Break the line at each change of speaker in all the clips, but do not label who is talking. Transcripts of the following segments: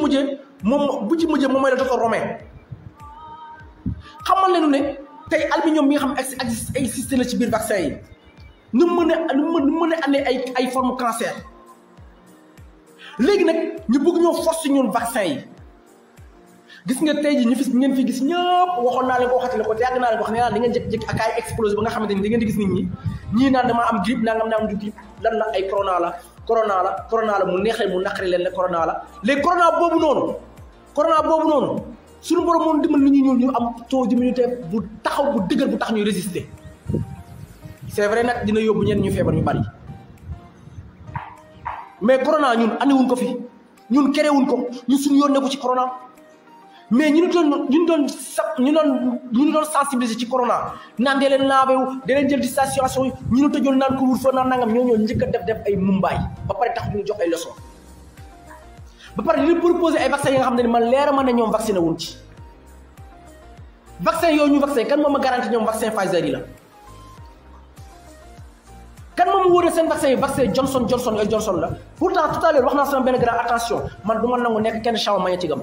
mujjee moom bu ci mujjee moom mooy la docteur romain xamal leen ne tey aluminium mi nga xam ne existé na ci biir vaccin yi nu mën a nu mën a andee ay ay forme cancer léegi nag ñu bëgg ñoo force ñun vaccin yi gis nga tey ji ñu fi ngeen fi gis ñëpp waxoon naa leen ko waxati ko te yàgg naa leen wax nee naa ngeen jékki-jékki ak ay explose ba nga xamante ni da ngeen di gis nit ñi ñii naan damaa am grippe nangam naa am du grippe lan la ay corona la corona la corona la mu neex leen mu naqari leen ne corona la léegi corona boobu noonu corona boobu noonu suñu borom moom dimbal lu ñu ñuul ñu am taux d'immunité bu taxaw bu dëgër bu tax ñuy résister c'est vrai nag dina yóbbu ñeen ñu feebar ñu bari mais corona ñun andiwuñ ko fi ñun kerewuñ ko ñun suñu yoon ne ko ci corona. mais ñun ñu doon ñu sa ñu doon ñu doon sensibiliser ci corona naan dee leen laabewu dee leen di distanciation yi ñu ñu tëjoon naan couvre-feu naan nangam ñoo ñoo njëkk def def ay mumbaay ba pare tax ñu jox ay leçon ba pare li proposé ay vaccin yi nga xam ne man leera ma ne ñoom vacciné wuñ ci vaccin yooyu ñu vacciné kan moom a garanti ñoom vaccin Pfizer yi la kan moom wóor na seen vaccin yi vaccin Johnson Johnson yooyu Johnson la pourtant tout à wax naa sama benn grand attention man du nekk kenn champ am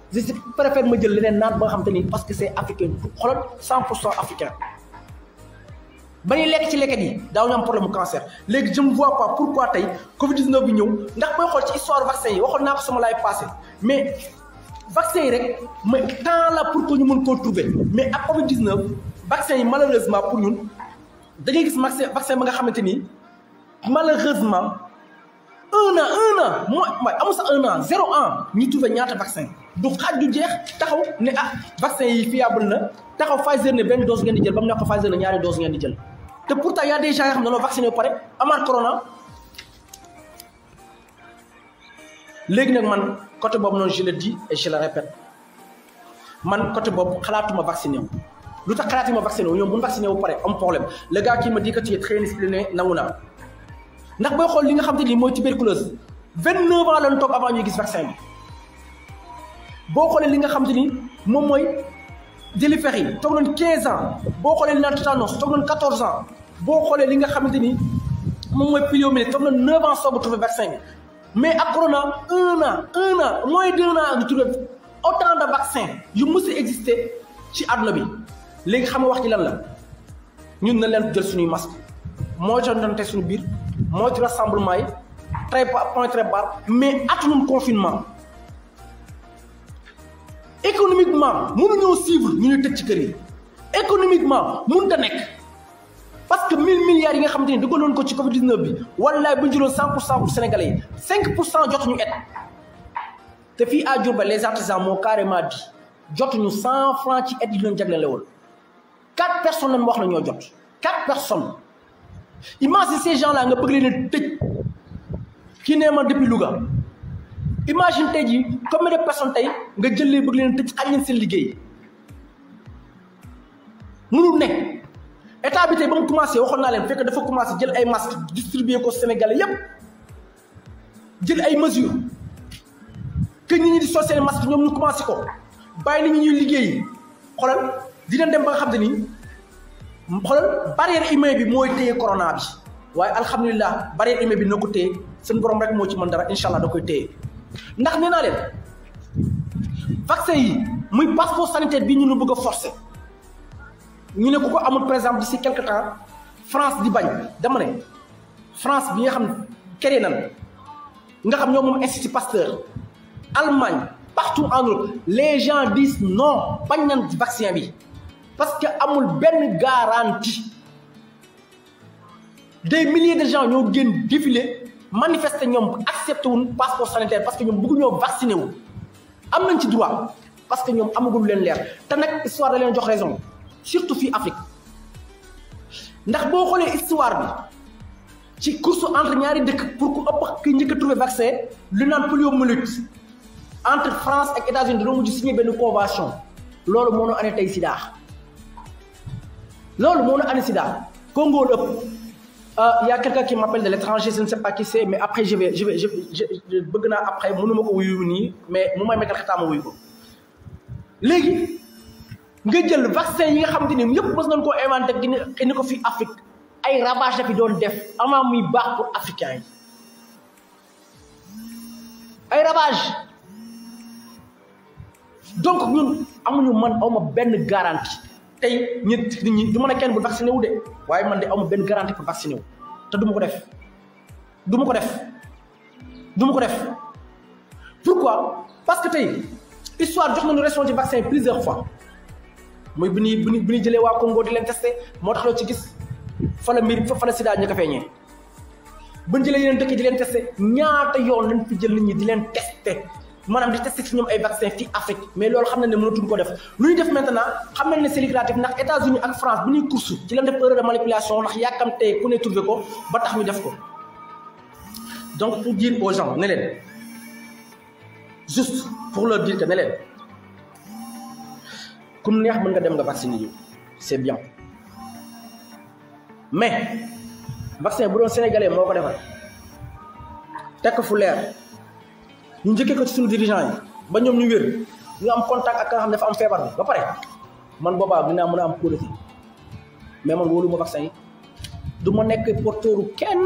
je préfère ma dire leneen parce que c'est africain 100 africain ba lekk ci problème cancer je ne vois pas pourquoi Covid 19 bi ñëw ndax histoire mais vaccin rek pour que mais Covid 19 vaccin malheureusement pour ñun gis malheureusement un an un an mooy amul un an zéro vaccin du xaaj du jeex taxaw ne ah vaccin yi fiable na taxaw Pfizer ne benn dose ngeen di jël ba mu ne ko Pfizer ne ñaari dose ngeen di jël te pourtant y a des gens yoo xam ne dañoo vacciné ba pare amaat corona. léegi nag man côté boobu noonu je le dis et je le répète man côté boobu xalaatuma vacciné wu lu tax ma vacciné wu ñoom bu ñu vacciné wu pare am problème le gars qui me dit que tu es très discipliné nangu naa ndax booy xool li nga xam te ni mooy tuberculose 29 ans lañ toog avant ñuy gis vaccin bi boo xoolee li nga xam te ni moom mooy 15 ans boo xoolee li naan tétanos toog 14 ans boo xoolee li nga xamante ni pilomé. mooy plioménique 9 ans sans trouver vaccin mais à corona un an un an moins d'un an de trouver autant de vaccin yu mës a existé ci àdduna bi léegi xam Nous wax ci lan la ñun na je jël suñuy masque mooy jondante suñu biir mooy ci rassemblement très très point très bas. mais atunum confinement économiquement mënuñoo suivre ñu ñu tëj ci kër yi économiquement mënut a nekk parce que 1000 milliards yi nga xamante ni dugaloon ko ci Covid 19 bi wallahi bu ñu 100 pour les sénégalais 5 pour ñu jotuñu et te fi à Djourba, les artisans m'ont carrément di ñu 100 francs ci et yi leen jagleel 4 personnes lañ wax la ñoo jot 4 personnes imagine ces gens là nga bëgg leen a Qui n'est depuis Louga. imagine tey jii combien de personnes tey nga jëlee bëgg leen tëj xañ leen seen liggéey mënul ne état bi tey ba mu commencé waxoon naa leen fekk dafa commencé jël ay masques distribuer ko Sénégalais yépp jël ay mesures que nit ñi di sol seen masque ñoom ñu commencé ko bàyyi nit ñi ñuy liggéey xoolal dina dem ba nga xam te ni xoolal barrière humaine bi mooy téye corona bi waaye alhamdulilah barrière humaine bi na ko téye seen borom rek moo ci mën dara incha allah da koy téye. ndax nee naa leen vaccin yi muy passeport sanitaire bi ñu nu bëgg a forcer ñu ne ku ko amul par exemple d'ici quelque temps France di bañ dama ne France bi nga xam créé nan nga xam ñoom moom Pasteur Allemagne partout en Europe les gens disent non bañ nan vaccin bi parce que amul benn garantie des milliers de gens ñoo gën défilé manifester ñom accepté wuñ passeport sanitaire parce que bëggu ñoo vacciner wu am nañ ci droit parce que ñom amagul leen leer te nak histoire da leen jox raison surtout fi Afrique ndax bo xolé histoire bi ci course entre ñaari dëkk pour ku ëpp ki ñëk a trouvé vaccin lu naan poliomyélite entre France ak États-Unis dañoo ci signé ben convention loolu moo ñu tay Sida loolu moo ñu Sida Congo ëpp. Il euh, y a quelqu'un qui m'appelle de l'étranger, je ne sais pas qui c'est, mais après je vais, je vais, je, je, je je, après je, je, vais, mais je, je, je, ko. je, nga vaccin yi nga je, je, nañ inventé ko fi Afrique ay ravages je, fi doon def avant muy baax pour Africains. ay donc ñun amuñu man je, une garantie. tey ñi ñi du ma ne kenn bu vacciné wu de waaye man de amu benn garantie pour vacciné wu te du ma ko def du ma ko def du ma ko def pourquoi parce que tey histoire jox nañu raison ci vaccin yi plusieurs fois mooy bi ñuy bi ñuy bi ñuy jëlee waa Congo di leen testé moo tax loo ci gis fa la mbir fa la sida ñu ko feeñee bu ñu jëlee leen dëkk di leen teste ñaata yoon lañ fi jël nit ñii di leen testé manam di testé ci ñom ay vaccin fi Afrique mais loolu xam na ne mënatuñ ko def lu ñu def maintenant xam nañ ne c'est lucratif ndax États-Unis ak France bu ñuy course ci lan def erreur de manipulation ndax yàkkam tey ku ne trouvé ko ba tax ñu def ko donc pour dire aux gens ne leen juste pour leur dire que ne leen ku neex mën nga dem nga vacciner yi c'est bien mais vaccin bu doon sénégalais moo ko defal tekk fu leer ñu njëkkee ko ci suñu dirigeant yi ba ñoom ñu wér ñu am contact ak ka nga xam ne dafa am feebar bi ba pare man boobaa dinaa mën a am kóolute mais man wóolu ma vaccin yi du ma nekk porteuru kenn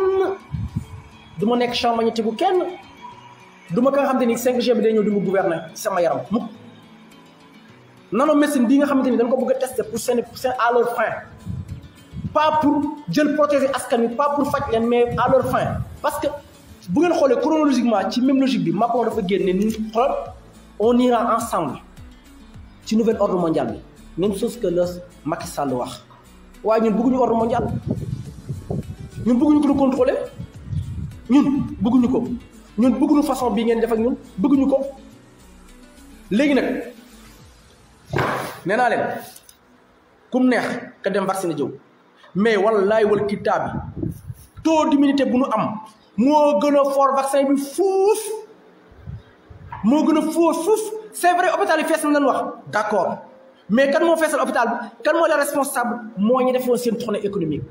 du ma nekk champ magnétique bu kenn du ka nga xam ni 5 bi day ñëw di mu gouverner sama yaram mukk nano médecine bii nga xamante ne dañ ko bëgg teste tester pour seen seen à leur fin pas pour jël protéger askan wi pas pour faj leen mais à leur fin parce bu ngeen xoolee chronologiquement ci même logique bi Macron dafa génne ni xool on ira ensemble ci nouvelle ordre mondial bi même chose que le Macky Sall wax waaye ñun bëgguñu ordre mondial ñun bëgguñu ko contrôler ñun bëgguñu ko ñun bëgguñu façon bi ngeen def ak ñun bëgguñu ko léegi nag nee naa leen kum neex ka dem vacciner jëw mais wallaay wal kitaabi taux d'immunité bu nu am moo gën a fort vaccin bi fuuf mo gën a fort fuuf c'est vrai hôpital fess fees na leen wax d'accord mais kan mo fessal hôpital bi kan mo la responsable moo ñu defoon seen tournée économique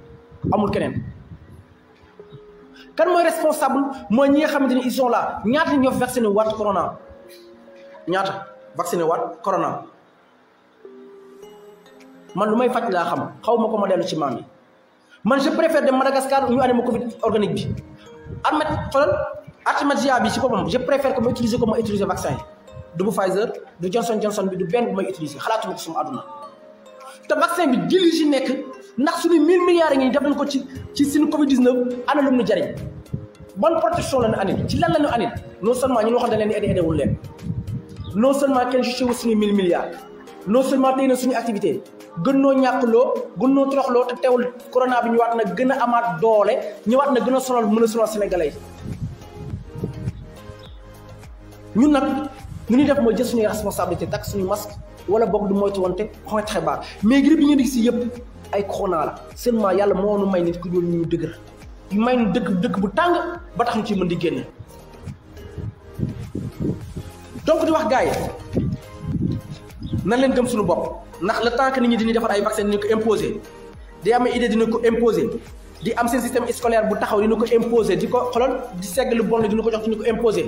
amul keneen kan mo responsable mo ñi nga xamante ils sont là ñaata ñoo vacciné waat corona ñaata vacciné waat corona man lu may fajj la xam xawmako ma ko ci maam yi man je préfère de Madagascar ñu animé Covid organique bi armat xoolal artémisia bi je préfère que utiliser ko ma utiliser vaccin du Pfizer du Johnson Johnson bi du Ben bu may utiliser xalaatuma ko sum aduna te vaccin bi dili si nek ndax suñu 1000 milliards yi def nañ ko ci ci suñu Covid 19 ana lu mu jariñ bonne protection la ñu ci lan la ñu andil non seulement ñu waxoon dañ leen aider aidé wul leen non seulement kenn juge wu suñu 1000 milliards non seulement tay na suñu activité gën noo ñàkkloo gën noo troxloo te teewul corona bi ñu ñëwaat na gën a amaat doole ñu ñëwaat na gën a sonal mën a sonal sénégalais ñun nag ñu ñuy def mooy jël suñuy responsabilité takk suñu masque wala boog du moytu wante xonet xibaar mais grippe yi ñu di gis yëpp ay corona la seulement yàlla moo nu may nit ku ñuul ñu dëgër may nu dëkk dëkk bu tàng ba tax ñu ci mën di génn donc di wax gars yi nan leen gëm suñu bopp ndax le temps que nit ñi dinañ defar ay vaccin dinañ ko imposé di am idée dinañ ko imposer di am seen système scolaire bu taxaw dina ko imposé di ko xoloon di segg lu bon dina ko jox dina ko imposé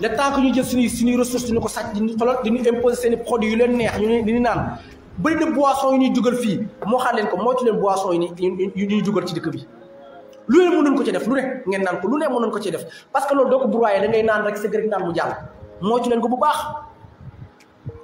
le temps que ñu jël suñuy suñuy ressources dina ko sàcc di xoloon diñu imposer seen i produits yu leen neex ñu ne diñu naan bëri na boisson yu ñuy dugal fii moo xam leen ko ci leen boisson yu yu ñuy dugal ci dëkk bi lu ne mën nañ ko ci def lu ne ngeen naan ko lu ne mën nañ ko ci def parce que loolu doo ko broyé da ngay naan rek sa rek naan mu jàll ci leen ko bu baax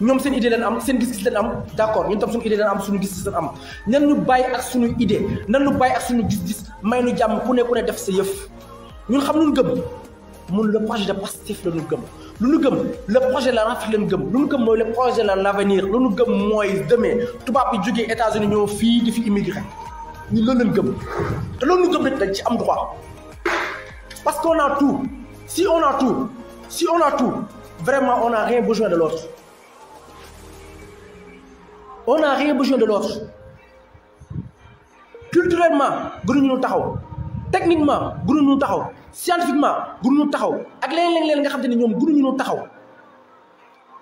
ñom seen idée am seen am d'accord. ñun idée am suñu gis-gis am idée nan ñu nous ak suñu gis-gis may nous ku def sa le projet de la ñu gëm lu le projet la l'avenir. la gëm lu le projet la l'avenir États-Unis ñoo fii di fi immigré Nous loolu lañ gëm te loolu ñu droit parce qu'on a tout si on a tout si on a tout vraiment on n'a rien besoin de l'autre on n'a rien besoin de l'autre culturellement gënuñu taxaw techniquement gënuñu taxaw scientifiquement gënuñu taxaw ak leneen leneen nga xam te ne ñoom gënuñu taxaw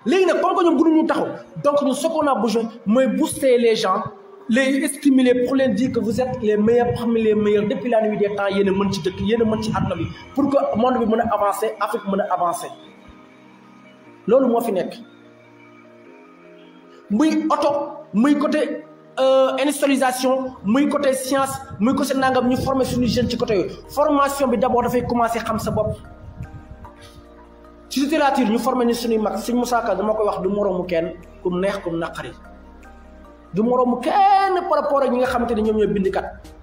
léegi nag comme que ñoom gënuñu taxaw donc ce qu'on a besoin mais booster les gens les stimuler pour leur dire que vous êtes les meilleurs parmi les meilleurs depuis la nuit des temps y a mën ci dëkk yéen a mën ci àdduna bi pour que monde bi mën a avancer Afrique mën a avancer loolu moo fi muy auto muy côté euh, industrialisation muy côté science muy côté nangam ñu former suñu jeune ci côté formation bi d'abord da fay commencer xam sa bop ci littérature ñu former ni suñu mag suñ Moussa Ka dama koy wax du moroomu kenn kum neex kum nakari du moroomu kenn par rapport ak ñi nga xamante ñom ñoy bindikat bindkat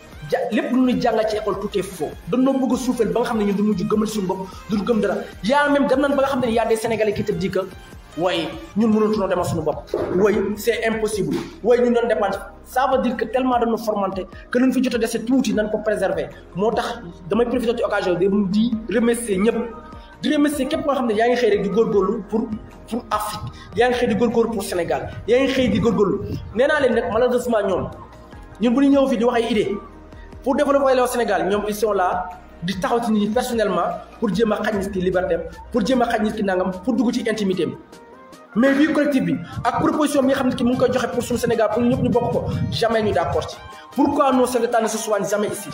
ja lépp lu ñu jàngal ci école tout est faux dañoo bëgg suufeel ba nga xam ne ñun du mujj gëmal suñu bopp duñ gëm dara yaa même dem a des sénégalais qui te dit que waaye ñun mënatuñoo demal suñu bopp waaye c'est impossible waaye ñun doon dépendre ça veut dire que tellement préserver moo tax damay profiter occasion bi di remercier ñëpp di remercier képp koo xam ne yaa ngi xëy rek di góorgóorlu pour pour Afrique yaa ngi xëy di góorgóorlu pour xëy di góorgóorlu nee leen nag malheureusement ñoom ñun bu ñu ñëw fii di wax ay pour développer le Sénégal ñoom ils sont là di taxaw ci personnellement pour jéem a xaj nit ki liberté pour jéem a xaj nit ki nangam pour dugg ci intimité mais bii collectif bi ak proposition bi xam ne ki mu ngi koy joxe pour suñu Sénégal pour ñëpp ñu bokk ko jamais ñu d'accord ci pourquoi nos secrétaires ne se soignent jamais ici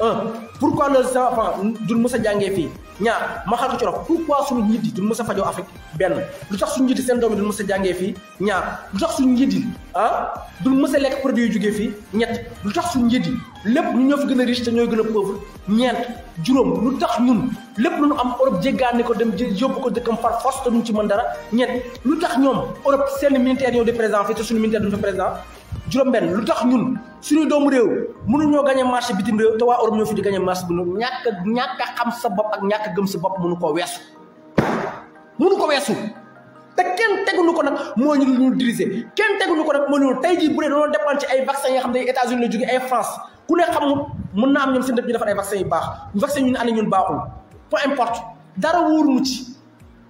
un pourquoi nos enfants duñ mës a jàngee fii ñaar ma xam ci olof pourquoi su njiit du duñ mës a fajoo Afrique benn lu tax su njiit seen doom yi duñ mës jàngee fii ñaar lu tax suñu njiit yi ah duñ mës a lekk produit yu jógee fii ñett lu tax su njiit lépp ñu ñoo fi gën a riche te ñooy gën a pauvre ñeent juróom lu tax ñun lépp lu ñu am Europe jéggaani ko dem yóbbu ko dëkkam par force te duñ ci mën dara ñett lu tax ñoom Europe seen militaire ñoo di présent fii te suñu militaire duñ fa présent juróom-benn lu tax ñun suñu doomu réew mënuñoo gagné marché bitim réew te waa Europe ñoo fi di gagné marché bi ñun ñàkk a a sa bopp ak ñàkk a gëm sa bopp mënu koo weesu. mënu ko weesu te kenn teguñu ko nag moo ñu ñu diriger kenn teguñu ko nag moo ñu tey jii bu dee doo dépendre ci ay vaccin yi xam ne États-Unis la jógee ay France ku ne xamul mën naa am ñoom seen dëkk ay vaccin yu baax vaccin yu ñu ne ànd ñun baaxul peu importe dara wóoruñu ci.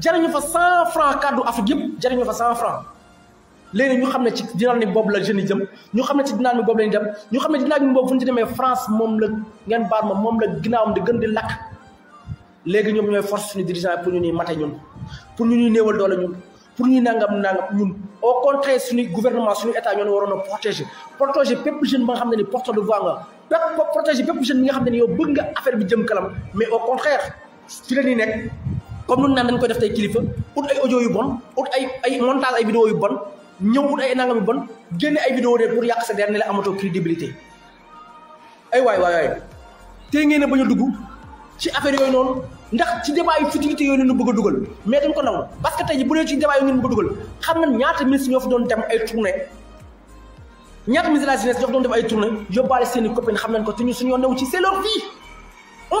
jariñu fa 100 francs francs Afrique fa 100 francs francs. ñu xamné ci ni la jëm ñu xamné ci lañu dem ñu xamné ni France mom la ngén bar moom la que di gën di léegi pour ñu nous maté ñun pour ñu ni néwal ñun pour ñu nangam nangam au contraire suñu gouvernement suñu état protéger protéger nga ni de voix nga protéger jeune nga xamné yow bëgg mais au contraire ci la comme nun naan dañ koy def tey kilifa ut ay audio yu bon ut ay ay montage ay vidéo yu bon ñëw ut ay nangam yu bon génne ay vidéo de pour yàq sa der ne la amatoo crédibilité ay waay waay waay tey ngeen a bañ a dugg ci affaire yooyu noonu ndax ci débat yu futilité yooyu nu bëgg a dugal mais dañ ko nangu parce que tey ji bu dee ci débat yooyu ngeen bëgg a dugal xam na ñaata ministre ñoo fi doon dem ay tournée ñaata ministre de la jeunesse ñoo fi doon def ay tournée yóbbaale seen i copine xam nañ ko te ñu suñu yoon new ci c'est leur vie on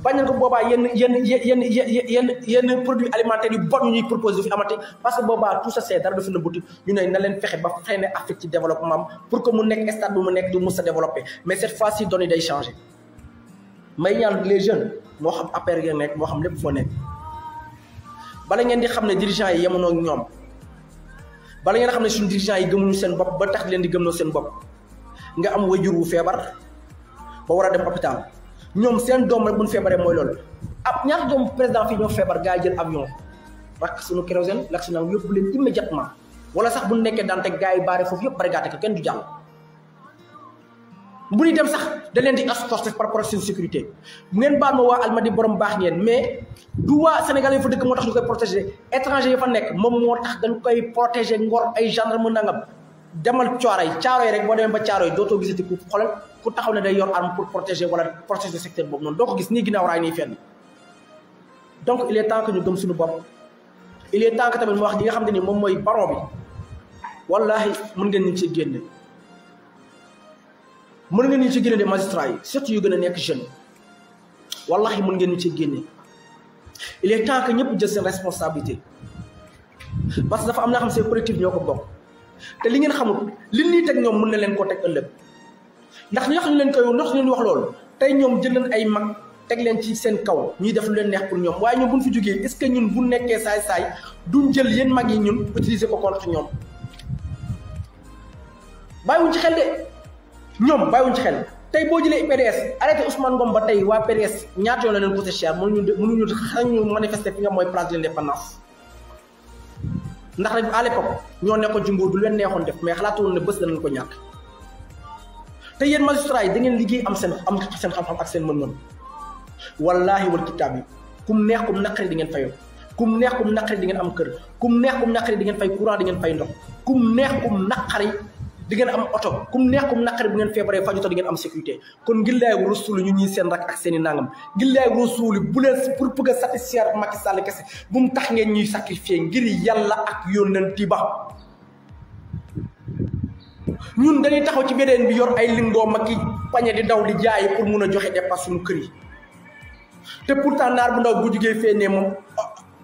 bañal ko boba yenn yenn yenn yenn yenn produit alimentaire yu bon ñuy proposer fi amati parce que boba tout ça c'est dara na bouti ñu ne na leen fexé ba freiné affect ci développement pour que mu nek stade bu mu nek du mësa développer mais cette fois-ci donné day changer may y'a ñal les jeunes mo xam affaire yi nek mo xam lepp fo nek bala ngeen di xam ne dirigeants yi yamono ak ñom bala ngeen xam ne suñu dirigeant yi gëmuñu seen bop ba tax leen di gëmno seen bop nga am wajur wu ba wara dem hôpital ñoom seen doom rek bu ñu feebaree mooy loolu ab ñaata doomu président fii ñoo feebar gaa yi jël avion rakk suñu kérosène lakk suñu naan yóbbu leen immédiatement wala sax bu nekkee daan teg gaa yi baare foofu yëpp barigate ko kenn du jàll. bu ñuy dem sax da leen di escorter par rapport seen sécurité ngeen baal ma waa Almadies borom baax ngeen mais du waa Sénégal yi fa dëkk moo tax ñu koy protéger étranger yi fa nekk moom moo tax dañ koy protéger ngor ay gendarme nangam. demal cooray caaroy rek bo dem ba caaroy doto gisati ku xolal ku taxaw ne day yor arme pour protéger wala protéger secteur boobu non doo ko gis ni ginaaw ray ni fenn donc il est temps que ñu gëm suñu bop il est temps que tamen mu wax gi nga xam ne ni moom mooy bi wallahi mën ngeen ñu ci génne mën ngeen ñu ci génne de magistrat yi surtout yu gëna nek jeune wallahi mën ngeen ñu ci génne il est temps que ñepp jël seen responsabilité parce que dafa am na xam seen collectif ñoko ko bokk te li ngeen xamul li ñuy teg ñoom mun na leen koo teg ëllëg ndax ñoo xam ñu leen koy ndox ñu wax loolu tey ñoom jël nañ ay mag teg leen ci seen kaw ñuy def lu leen neex pour ñoom waaye ñoom buñ fi jógee est-ce que ñun bu nekkee saay-saay du jël yéen mag yi ñun utiliser ko contre ñoom bàyyiwuñ ci xel de ñoom bàyyiwuñ ci xel tey boo jëlee PDS arrêté Ousmane Ngom ba tey waa PDS ñaata yoon la leen poussé cher mënuñu mënuñu xañu manifester fi nga ndax rek à l'époque ñoo nekkoon ci nguur du leen neexoon def mais xalaatu woon ne bés danañ ko ñàkk te yéen magistrat yi da ngeen liggéey am seen am seen xam-xam ak seen mën-mën wallaahi wal kitaab yi kum neex kum naqari di ngeen fayoo kum neex kum naqari di ngeen am kër kum neex kum naqari di ngeen fay courant di ngeen fay ndox kum neex kum naqari di ngeen am oto kum neex kum naqari bu ngeen feebaree faju ta di ngeen am sécurité kon ngir laay rasulu ñu ñuy seen rak ak seeni i nangam ngir laay rasulu bu leen pour bëgg a satisfaire Macky Sall kese bu mu tax ngeen ñuy sacrifier ngir yàlla ak yónnenti ba ñun dañuy taxaw ci beneen bi yor ay lingoo mag ki pañe di daw di jaayi pour mun a joxe dépasse suñu kër yi te pourtant naar bu ndaw bu jugee fee ne moom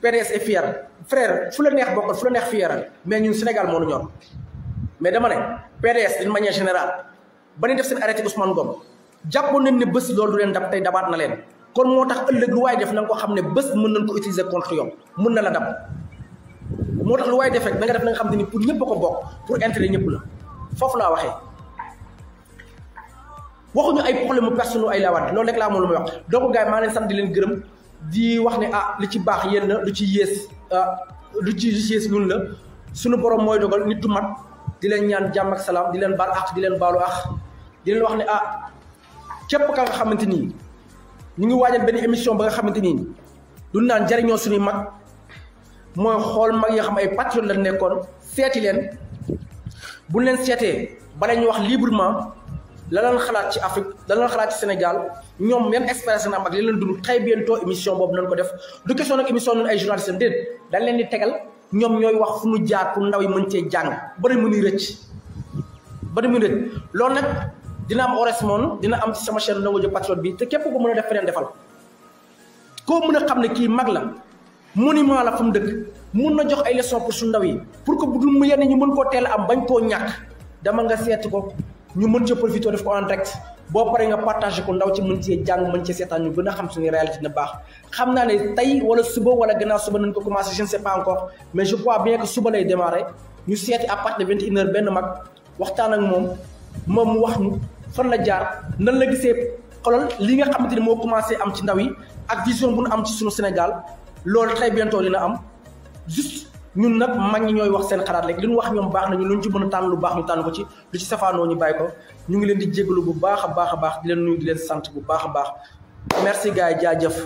PDS est fier frère fu la neex bokkal fu la neex fieral mais ñun Sénégal moo nu ñor mais dama ne PDS d'une manière générale ba ñu def seen arrêté Ousmane Ngom jàppoon nañ ne bés loolu du leen dab tey dabaat na leen kon moo tax ëllëg lu waay def na nga xam ne bés mën nañ ko utiliser contre yow na la dab moo tax lu waay def rek nga def na nga xam ne ni pour ñëpp ko bokk pour intérêt ñëpp la foofu laa waxee waxuñu ay problème mu personne ay laawaat loolu rek laa moom lu may wax donc gars yi maa leen sant di leen gërëm di wax ne ah li ci baax yéen la lu ci yées ah, lu ci yées ñun la sunu borom mooy dogal nit du mat di leen ñaan jàmm ak di leen baal ak di leen baalu ak di leen wax ne ah képp ka nga xamante ni ñu ngi waajal benn émission ba nga xamante ni du naan jariñoo suñuy mag mooy xool mag yoo xam ay patriote la nekkoon seeti leen bu leen seetee bala ñu wax librement. la leen xalaat ci Afrique la leen xalaat ci Sénégal ñoom yan expérience na am ak li leen dund très bientôt émission boobu nañ ko def du question nag émission noonu ay journalistes yi dañ leen di tegal ñoom ñooy wax fu ñu jaar pour ndaw yi mën cee jàng bari mu nuy rëcc bari mu nuy loolu nag dina am ores moon dina am ci sama chaîne Ndongo Diop Patriote bi te képp ko mën a def feneen defal koo mën a xam ne kii mag la monument la fu mu dëkk mun na jox ay leçons pour su ndaw yi pour que bu dul mu yenn ñu mën koo teel am bañ koo ñàkk dama nga seet ko ñu mën ci profité def ko en direct boo paree nga partagé ko ndaw ci mën cee jàng mën cee seetaan ñu gën a xam suñu réalité na baax xam naa ne tey wala suba wala gannaaw suba nañ ko commencé je ne sais pas encore mais je crois bien que suba lay démarré ñu seeti à partir de vingt benn mag waxtaan ak moom moom mu wax ñu fan la jaar nan la gisee xolal li nga xamante ni moo commencé am ci ndaw yi ak vision bu nu am ci suñu Sénégal loolu très bientôt dina am ñun nag ah. mag ñi ñooy wax seen xalaat rek li wax ñoom baax nañu lu ñu ci mën a tànn lu baax ñu tànn ko ci lu ci safaanoo ñu bàyyi ko ñu ngi leen di jégalu bu baax a baax a baax di leen nuyu di leen sant bu baax a baax merci gars jaa jëf